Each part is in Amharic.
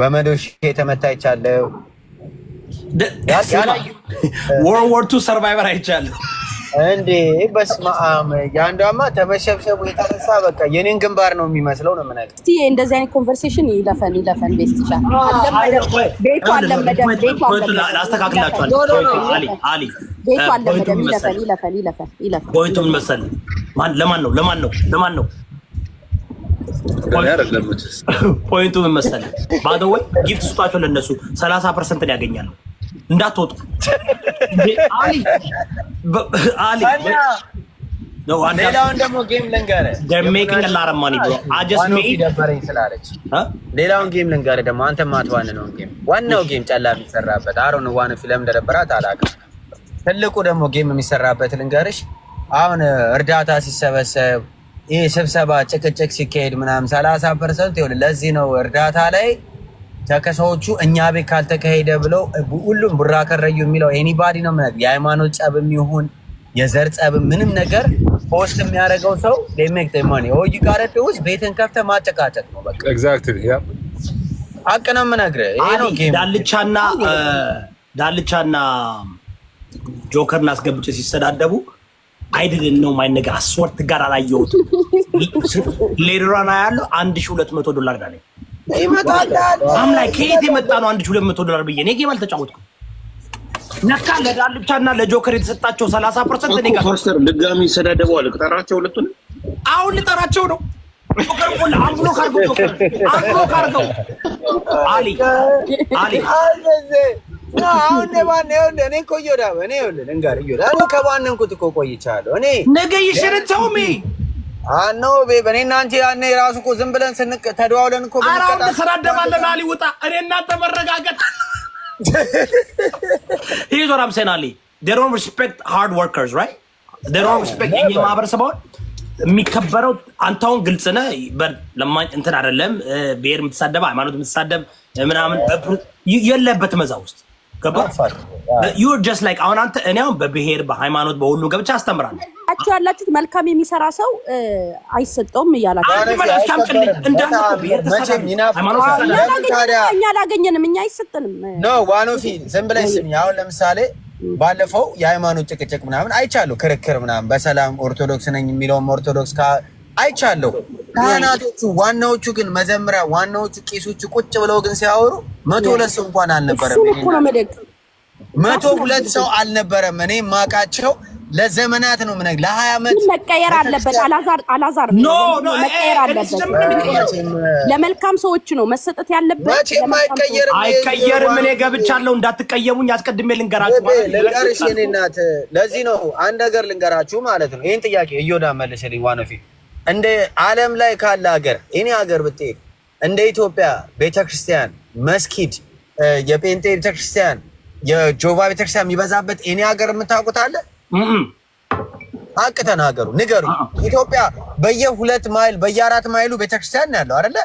በመዶሽ የተመታ ይቻለው ወርልድ ቱ ሰርቫይቨር አይቻለሁ እንዴ! በስመ አብ የአንዷማ ተመሸብሸቡ የተነሳ በቃ የኔን ግንባር ነው የሚመስለው ነው የምነግርህ። እስኪ እንደዚህ አይነት ኮንቨርሴሽን ይለፈን ይለፈን። ቤት ይለፈን ይለፈን ይለፈን። ፖይንቱ ምን መሰለህ? ለማን ነው ለማን ነው ለማን ነው ፖይንቱ ምን መሰለህ? ባደወይ ጊፍት ስጧቸው ለነሱ ሰላሳ ፐርሰንት ያገኛሉ። እንዳትወጡ ሌላውን ደግሞ ጌም ልንገርህ፣ ሌላውን ጌም ልንገርህ ደግሞ አንተ ነው ጌም ዋናው ጌም ጨላ የሚሰራበት አሮን ዋን ፊልም እንደነበራት አላውቅም። ትልቁ ደግሞ ጌም የሚሰራበት ልንገርሽ፣ አሁን እርዳታ ሲሰበሰብ ይህ ስብሰባ ጭቅጭቅ ሲካሄድ ምናምን 30 ፐርሰንት ይሆን። ለዚህ ነው እርዳታ ላይ ተከሳዎቹ እኛ ቤት ካልተካሄደ ብለው ሁሉም ቡራ ከረዩ የሚለው ኤኒባዲ ነው። ማለት የሃይማኖት ጸብም ይሁን የዘር ጸብ ምንም ነገር ፖስት የሚያደርገው ሰው ሜክ ማኒ ሆይ ጋረድ ውስጥ ቤትን ከፍተ ማጨቃጨቅ ነው። በቃ ኤግዛክትሊ ያ ሀቅ ነው የምነግርህ። ይሄ ነው ጌም። ዳልቻና ዳልቻና ጆከርን አስገብቼ ሲሰዳደቡ አይድልን ነው ማይ ነገር አስወርት ጋር አላየሁትም። ሌድሯን ያለው አንድ ሺ ሁለት መቶ ዶላር ጋር አምላክ ከየት የመጣ ነው አንድ ሺ ሁለት መቶ ዶላር ብዬ እኔ ጌም አልተጫወትኩም። ነካ ለዳልቻ እና ለጆከር የተሰጣቸው ሰላሳ ፐርሰንት እኔ ጋር ፖስተር ድጋሚ ይሰዳደበዋል። ልጠራቸው ሁለቱን አሁን ልጠራቸው ነው። ጆከር ካርገው ካርገው አሊ አሊ አሁን ባን ይኸውልህ፣ እኔ እኮ እኔ ይኸውልህ ልንገርህ እኔ ከባነንኩት እኮ ቆይቻለሁ። እኔ ነገ አኖ እኔ ያኔ ራሱ እኮ ዝም ብለን ስንቅ ተደዋውለን እኮ ተሰዳደባለን። አሊ ውጣ። እኔ እናንተ መረጋገጥ አሊ ዴይ ዶንት ሪስፔክት ሃርድ ወርከርስ ራይት ዴይ ዶንት ሪስፔክት የሚከበረው አንተውን ግልጽ ነህ። ለማኝ እንትን አይደለም የምትሳደብ ሃይማኖት የምትሳደብ ምናምን ውስጥ ዩር ጀስት አሁን አንተ እኔ አሁን በብሔር በሃይማኖት በሁሉ ገብቼ አስተምራለሁ። አችሁ ያላችሁት መልካም የሚሰራ ሰው አይሰጠውም እያላችሁ አላገኘንም፣ እኛ አይሰጠንም። ኖ ዋኖፊ ዝም ብለሽ ስሚ። አሁን ለምሳሌ ባለፈው የሃይማኖት ጭቅጭቅ ምናምን አይቻሉ ክርክር ምናምን በሰላም ኦርቶዶክስ ነኝ የሚለውም ኦርቶዶክስ አይቻለሁ። ካህናቶቹ ዋናዎቹ ግን መዘምሪያ ዋናዎቹ ቄሶቹ ቁጭ ብለው ግን ሲያወሩ መቶ ሁለት ሰው እንኳን አልነበረም። መቶ ሁለት ሰው አልነበረም። እኔ ማቃቸው ለዘመናት ነው ምነግ ለሀያ አመት መቀየር አለበት። አላዛር አላዛር መቀየር አለበት። ለመልካም ሰዎች ነው መሰጠት ያለበት። አይቀየርም። እኔ ገብቻለሁ። እንዳትቀየሙኝ አስቀድሜ ልንገራችሁ። ልንገርሽ፣ እኔ እናት ለዚህ ነው አንድ ነገር ልንገራችሁ ማለት ነው። ይህን ጥያቄ እዮዳ መልስልኝ ዋነፊ እንደ ዓለም ላይ ካለ ሀገር እኔ ሀገር ብትሄድ እንደ ኢትዮጵያ ቤተክርስቲያን፣ መስኪድ የጴንጤ ቤተክርስቲያን፣ የጆቫ ቤተክርስቲያን የሚበዛበት እኔ ሀገር የምታውቁት አለ? ሀቅ ተናገሩ፣ ንገሩ። ኢትዮጵያ በየሁለት ማይል በየአራት ማይሉ ቤተክርስቲያን ነው ያለው አይደለ?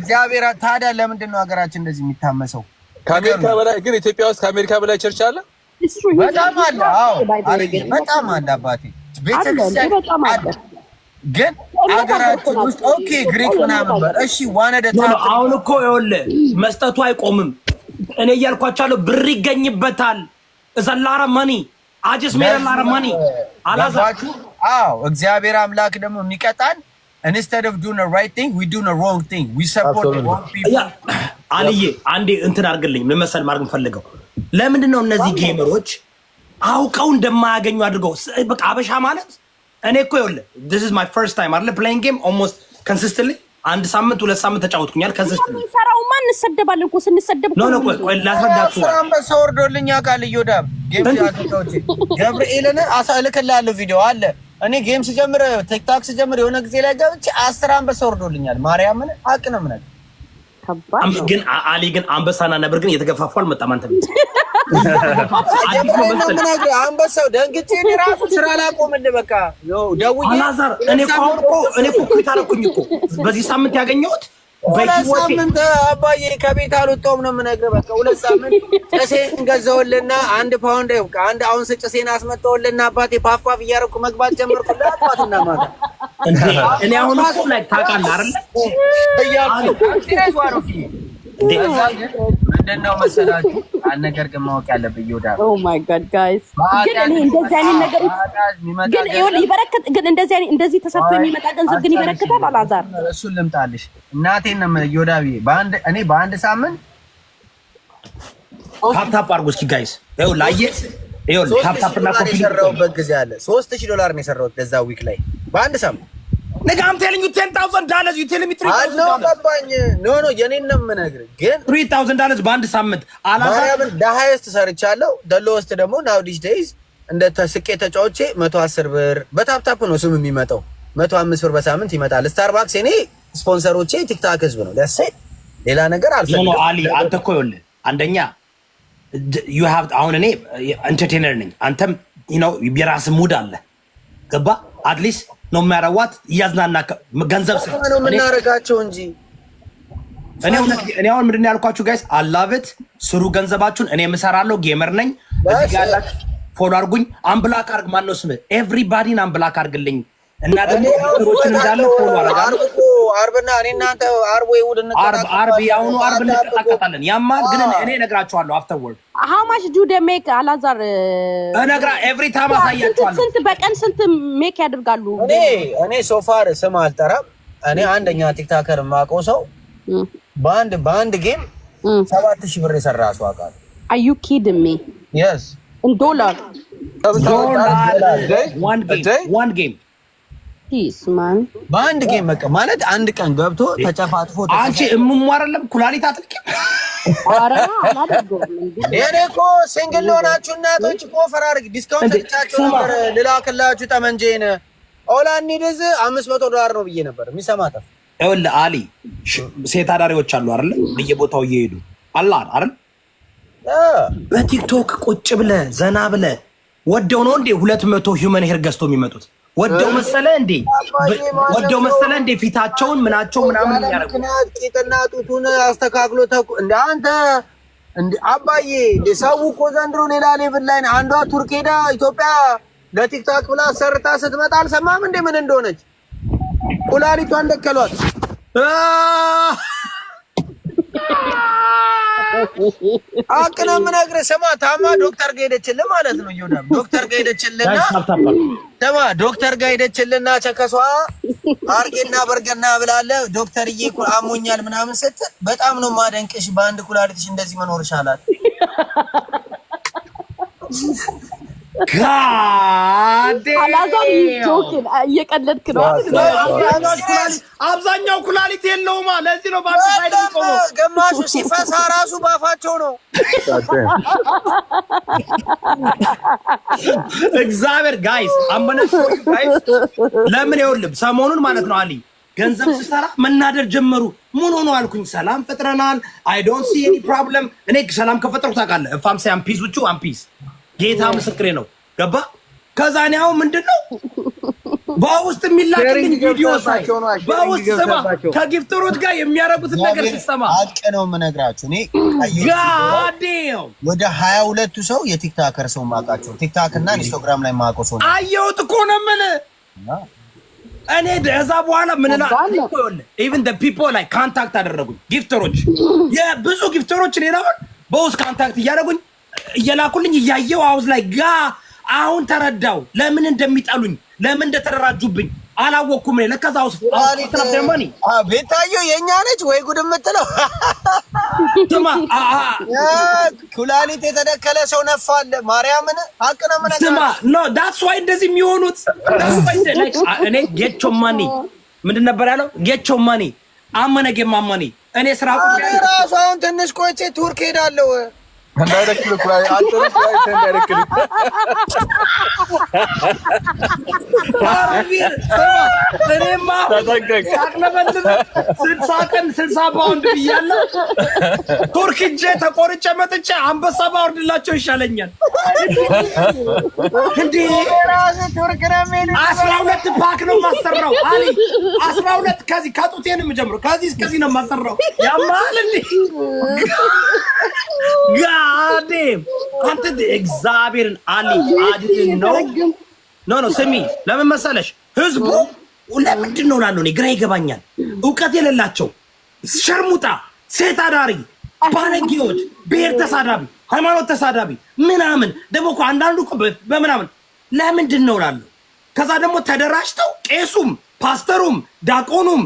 እግዚአብሔር ታዲያ ለምንድን ነው ሀገራችን እንደዚህ የሚታመሰው? ከአሜሪካ በላይ ግን ኢትዮጵያ ውስጥ ከአሜሪካ በላይ ቸርች አለ፣ በጣም አለ፣ በጣም አለ አባቴ ቤተክርስቲያን በጣም ግን አገራችን ውስጥ ኦኬ ግሪክ ምናምን በር እሺ ዋነደ አሁን እኮ ይኸውልህ መስጠቱ አይቆምም። እኔ እያልኳቸዋለሁ ብር ይገኝበታል። እዛ ላረ መኒ አጅስ ሜረ ላረ መኒ አላዛችሁ። አዎ እግዚአብሔር አምላክ ደግሞ የሚቀጣን ኢንስተድ ኦፍ ዱን ራይት ቲንግ ዊ ዱን ሮንግ ቲንግ ዊ ሰፖርት ሮንግ ፒፕል። አልዬ አንዴ እንትን አድርግልኝ ምን መሰል ማድረግ የምፈልገው ለምንድን ነው እነዚህ ጌመሮች አውቀው እንደማያገኙ አድርገው በቃ አበሻ ማለት እኔ እኮ ይኸውልህ this is my first time አይደለ playing game almost consistently አንድ ሳምንት ሁለት ሳምንት ተጫወትኩኛል። consistently ሰራው እንሰደባለን እኮ ስንሰደብ ነው ነው ቆይ ላስረዳችሁ። አንበሳ ወርዶልኛ ቃል ይወዳም ገብርኤልን አሳልክላለሁ ቪዲዮ አለ እኔ ጌም ስጀምር ቲክታክ ስጀምር የሆነ ጊዜ ላይ ገብቼ አስር አንበሳ ወርዶልኛል። ማርያምን አቅ ነው ምን ግን አሊ ግን አንበሳና ነብር ግን እየተገፋፉ አልመጣም አንተ አንበሳው ደንግጬ እኔ እራሱ ስራ ላቆም እንደ በቃ ደውዬ አላዛር፣ እኔ እኮ አሁን እኮ እኔ እኮ ኩት አደረኩኝ እኮ በዚህ ሳምንት ያገኘሁት ሁለት ሳምንት አባዬ ከቤት አልወጣሁም ነው የምነግርህ። በቃ ሁለት ሳምንት ጭሴን ገዛሁልና አንድ ፓውንድ አንድ አውንስ ጭሴን አስመጣሁልና አባቴ ፓፋፍ እያደረኩ መግባት ጀመርኩ። ለአባትና ማለት እኔ አሁን እኮ ላይ ታውቃለህ አይደል እያልኩ ነው ምንድን ነው መሰላችሁ አንድ ነገር ግን ማወቅ ያለብህ ይወዳ ኦ ማይ ጋድ ጋይስ ግን እኔ እንደዚህ አይነት ነገሮች ግን ይሁን ይበረከት ግን እንደዚህ አይነት እንደዚህ ተሰርቶ የሚመጣ ገንዘብ ግን ይበረከታል። አላዛር እሱን ልምጣልሽ እናቴን ነው ይወዳዊ በአንድ እኔ በአንድ ሳምንት ታፕታፕ አድርጎ እስኪ ጋይስ ይኸው ላየ ይኸው ታፕታፕ እና ኮፒ ሰራሁበት ጊዜ አለ። 3000 ዶላር ነው የሰራሁት በዛ ዊክ ላይ በአንድ ሳምንት ነገ አም ቴሊንግ ዩ ቴን ታውዘንድ ዳለዝ ዩ ቴሊንግ ዩ ትሪ ታውዘንድ ዳለዝ ገባኝ። ኖ ኖ የኔን ነው የምነግርህ፣ ግን ትሪ ታውዘንድ ዳለዝ በአንድ ሳምንት አላዛብን ዳሃይስት ሰርቻለሁ። ደሎወስት ደግሞ ናው ዲስ ዴይዝ እንደ ተስቄ ተጫዎቼ መቶ አስር ብር በታፕታፕ ነው ስም የሚመጣው መቶ አምስት ብር በሳምንት ይመጣል። ስታርባክስ እኔ ስፖንሰሮቼ ቲክታክ ህዝብ ነው ደስ ሌላ ነገር አልፈልግም። አሊ አንተ እኮ ይኸውልህ አንደኛ ዩ ሃቭ አሁን እኔ ኢንተርቴነር ነኝ፣ አንተም የራስህ ሙድ አለ ገባ አትሊስት ነው የሚያረዋት። እያዝናና ገንዘብ ነው የምናረጋቸው እንጂ እኔ እኔ አሁን ምንድን ያልኳችሁ ጋይስ አላብት ስሩ ገንዘባችሁን። እኔ የምሰራለው ጌመር ነኝ። እዚህ ጋር ፎሎ አርጉኝ። አንብላክ አርግ ማነው ስም ኤቭሪባዲን አንብላክ አርግልኝ። እና ደግሞ እንዳለ ፎሎ አረጋለሁ። አርብና አርብ ወይ አርብ አርብ እንቀጣቀጣለን። ያማ ግን እኔ እነግራችኋለሁ። አፍተር ወርድ ዱ ደ ሜክ አላዛር እነግራ ኤቭሪ ታይም አሳያችኋለሁ። ስንት በቀን ስንት ሜክ ያደርጋሉ? እኔ እኔ ሶፋር ስም አልጠራም። እኔ አንደኛ ቲክታከር የማውቀው ሰው በአንድ በአንድ ጌም ሰባት ሺህ ብር የሰራ ሰው አውቃለሁ። አር ዩ ሚ? የስ ኢን ዶላር ዶላር ዋን ጌም በአንድ ጌም በቃ ማለት አንድ ቀን ገብቶ ተጨፋጥፎ አንቺ እምሟረለም ኩላሊት አጥልቂ እኔ እኮ ሲንግል ለሆናችሁ እናቶች እኮ ፈራርግ ዲስካውንት ሰጥቻችሁ ነበር ልላክላችሁ ጠመንጄን ኦላኒድዝ አምስት መቶ ዶላር ነው ብዬ ነበር የሚሰማጠፍ ይኸውልህ አሊ ሴት አዳሪዎች አሉ አለ በየቦታው እየሄዱ አላ አይደል በቲክቶክ ቁጭ ብለ ዘና ብለ ወደው ነው እንዴ ሁለት መቶ ሂውመን ሄር ገዝቶ የሚመጡት ወደው መሰለ እንዴ ወደው መሰለ እንዴ ፊታቸውን ምናቸው ምናምን ያረጉ ቂጥና ጡቱን አስተካክሎ ተኩ እንደ አንተ እንደ አባዬ ሰው እኮ ዘንድሮ ሌላ ሌቭል ላይ አንዷ ቱርክ ሄዳ ኢትዮጵያ ለቲክታክ ብላ ሰርታ ስትመጣ አልሰማም እንዴ ምን እንደሆነች ኩላሊቷን ደከሏት። አቅነ ምነግርህ ስማ ታማ ዶክተር ጋር ሄደችልህ ማለት ነው። ይሁዳ ዶክተር ጋር ሄደችልና ስማ ዶክተር ጋር ሄደችልና ቸከሷ አርጌና በርገና ብላለ ዶክተርዬ አሞኛል ምናምን ስትል በጣም ነው ማደንቅሽ። በአንድ ኩላሊትሽ እንደዚህ መኖር አላት። አላዛር uh, እየቀለድክ ነው። አብዛኛው ኩላሊት የለውማ። ለዚህ ነው ግማሹ ሲፈሳ ራሱ ባፋቸው ነው። እግዚአብሔር ጋይስ አመነ ለምን ይኸውልህ፣ ሰሞኑን ማለት ነው አሊ ገንዘብ ስሰራ መናደር ጀመሩ። ምን ሆኖ አልኩኝ። ሰላም ፈጥረናል። አይ ዶንት ሲ ኤኒ ፕሮብለም። እኔ ሰላም ከፈጠሩ ታውቃለህ። ፋምሳይ አምፒስ ውጪ አምፒስ ጌታ ምስክሬ ነው። ገባ ከዛ እኔ ምንድን ነው በውስጥ የሚላክልኝ ቪዲዮ ሳይ በውስጥ ስማ ከጊፍትሮች ጋር የሚያረጉትን ነገር ሲሰማ አቅ ነው የምነግራችሁ። እኔ ጋዴው ወደ ሀያ ሁለቱ ሰው የቲክታከር ሰው ማውቃቸው ቲክታክ እና ኢንስታግራም ላይ ማውቀው ሰው አየሁት እኮ ነው ምን እኔ ከዛ በኋላ ምንላ ኢቨን ደ ፒፖ ላይ ካንታክት አደረጉኝ ጊፍተሮች፣ የብዙ ጊፍተሮች እኔን በውስጥ ካንታክት እያደረጉኝ እየላኩልኝ እያየው አውዝ ላይ ጋ አሁን ተረዳው ለምን እንደሚጠሉኝ ለምን እንደተደራጁብኝ አላወቅኩም። እኔ ለከዛ ውስጥ ቤታዮ የእኛ ነች ወይ ጉድ የምትለው ስማ፣ ኩላሊት የተደከለ ሰው ነፋለ። ማርያምን ሀቅ ነው የምነግርህ። ስማ ኖ ዳትስ ዋይ እንደዚህ የሚሆኑት እኔ ጌቾ ማኒ ምንድን ነበር ያለው? ጌቾ ማኒ አመነ ጌማማኒ እኔ ስራ ራሱ አሁን ትንሽ ቆይቼ ቱርክ ሄዳለሁ እንዳይደክል ስልሳ ፓውንድ ብያለሁ። ቱርክ ተቆርጬ መጥቼ አንበሳ ባወርድላቸው ይሻለኛል። አስራ ሁለት ፓክ ነው የማሰራው። አስራ ሁለት ከዚህ ነው የምጀምረው። ከዚህ እስከዚህ ነው የማሰራው። ያማል አዴ አንተ እግዚአብሔርን አሊ አድን ነው ኖ ኖ ስሚ፣ ለምን መሰለሽ ህዝቡ ለምንድን ነው እላለሁ እኔ ግራ ይገባኛል። እውቀት የሌላቸው ሸርሙጣ፣ ሴት አዳሪ፣ ባለጌዎች፣ ብሔር ተሳዳቢ፣ ሃይማኖት ተሳዳቢ ምናምን ደግሞ እኮ አንዳንዱ በምናምን ለምንድን ነው እላለሁ። ከዛ ደግሞ ተደራጅተው ቄሱም፣ ፓስተሩም፣ ዳቆኑም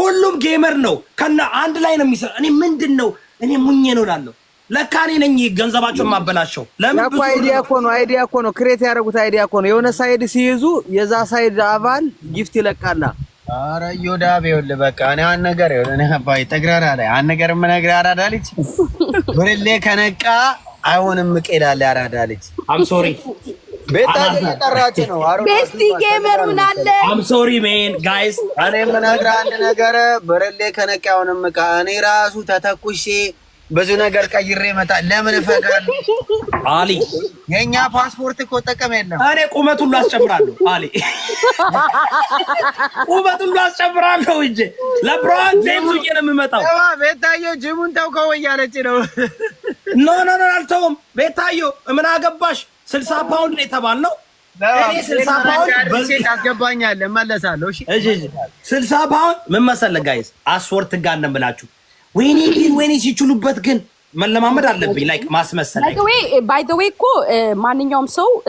ሁሉም ጌመር ነው ከና አንድ ላይ ነው የሚሰራ። እኔ ምንድን ነው እኔ ሙኜ ነው እላለሁ። ለካ እኔ ነኝ ገንዘባቸው ማበላሸው። ለምን አይዲያ እኮ ነው፣ አይዲያ እኮ ነው፣ ክሬት ያደረጉት አይዲያ እኮ ነው። የሆነ ሳይድ ሲይዙ የዛ ሳይድ አባል ጊፍት ይለቃላ። አረ ዮዳብ ይኸውልህ፣ በቃ እኔ አንድ ነገር ይኸውልህ፣ እኔ አባይ ተግራራ ላይ አንድ ነገር ምን አራዳ ልጅ ብርሌ ከነቃ አይሆንም ቀዳለ አራዳ ልጅ አም ሶሪ ቤታ እየጠራች ነው። ቤስቲ ጌመር ምን አለ አም ሶሪ ሜን ጋይስ፣ እኔ ምን ነገር አንድ ነገር ብርሌ ከነቃ አይሆንም እኔ ራሱ ተተኩሼ ብዙ ነገር ቀይሬ መጣ። ለምን ፈቃድ አሊ፣ የኛ ፓስፖርት እኮ ጥቅም የለም። እኔ ቁመት ሁሉ አስጨምራለሁ አሊ፣ ቁመት ሁሉ አስጨምራለሁ እንጂ ለብሮን ጀምሱ ነው የምመጣው። ቤታዮ ጅሙን ተውከው እያለች ነው። ኖ ኖ ኖ አልተውም። ቤታዮ ምን አገባሽ? ስልሳ ፓውንድ ነው የተባልነው ስልሳ ፓውንድ ፓውንድ ምን መሰለህ ጋይስ፣ አስወርት ጋር ነን ብላችሁ ወይኔ ግን ወይኔ ሲችሉበት ግን መለማመድ አለብኝ። ላይክ ማስመሰል ባይ ዘ ዌይ እኮ eh, ማንኛውም ሰው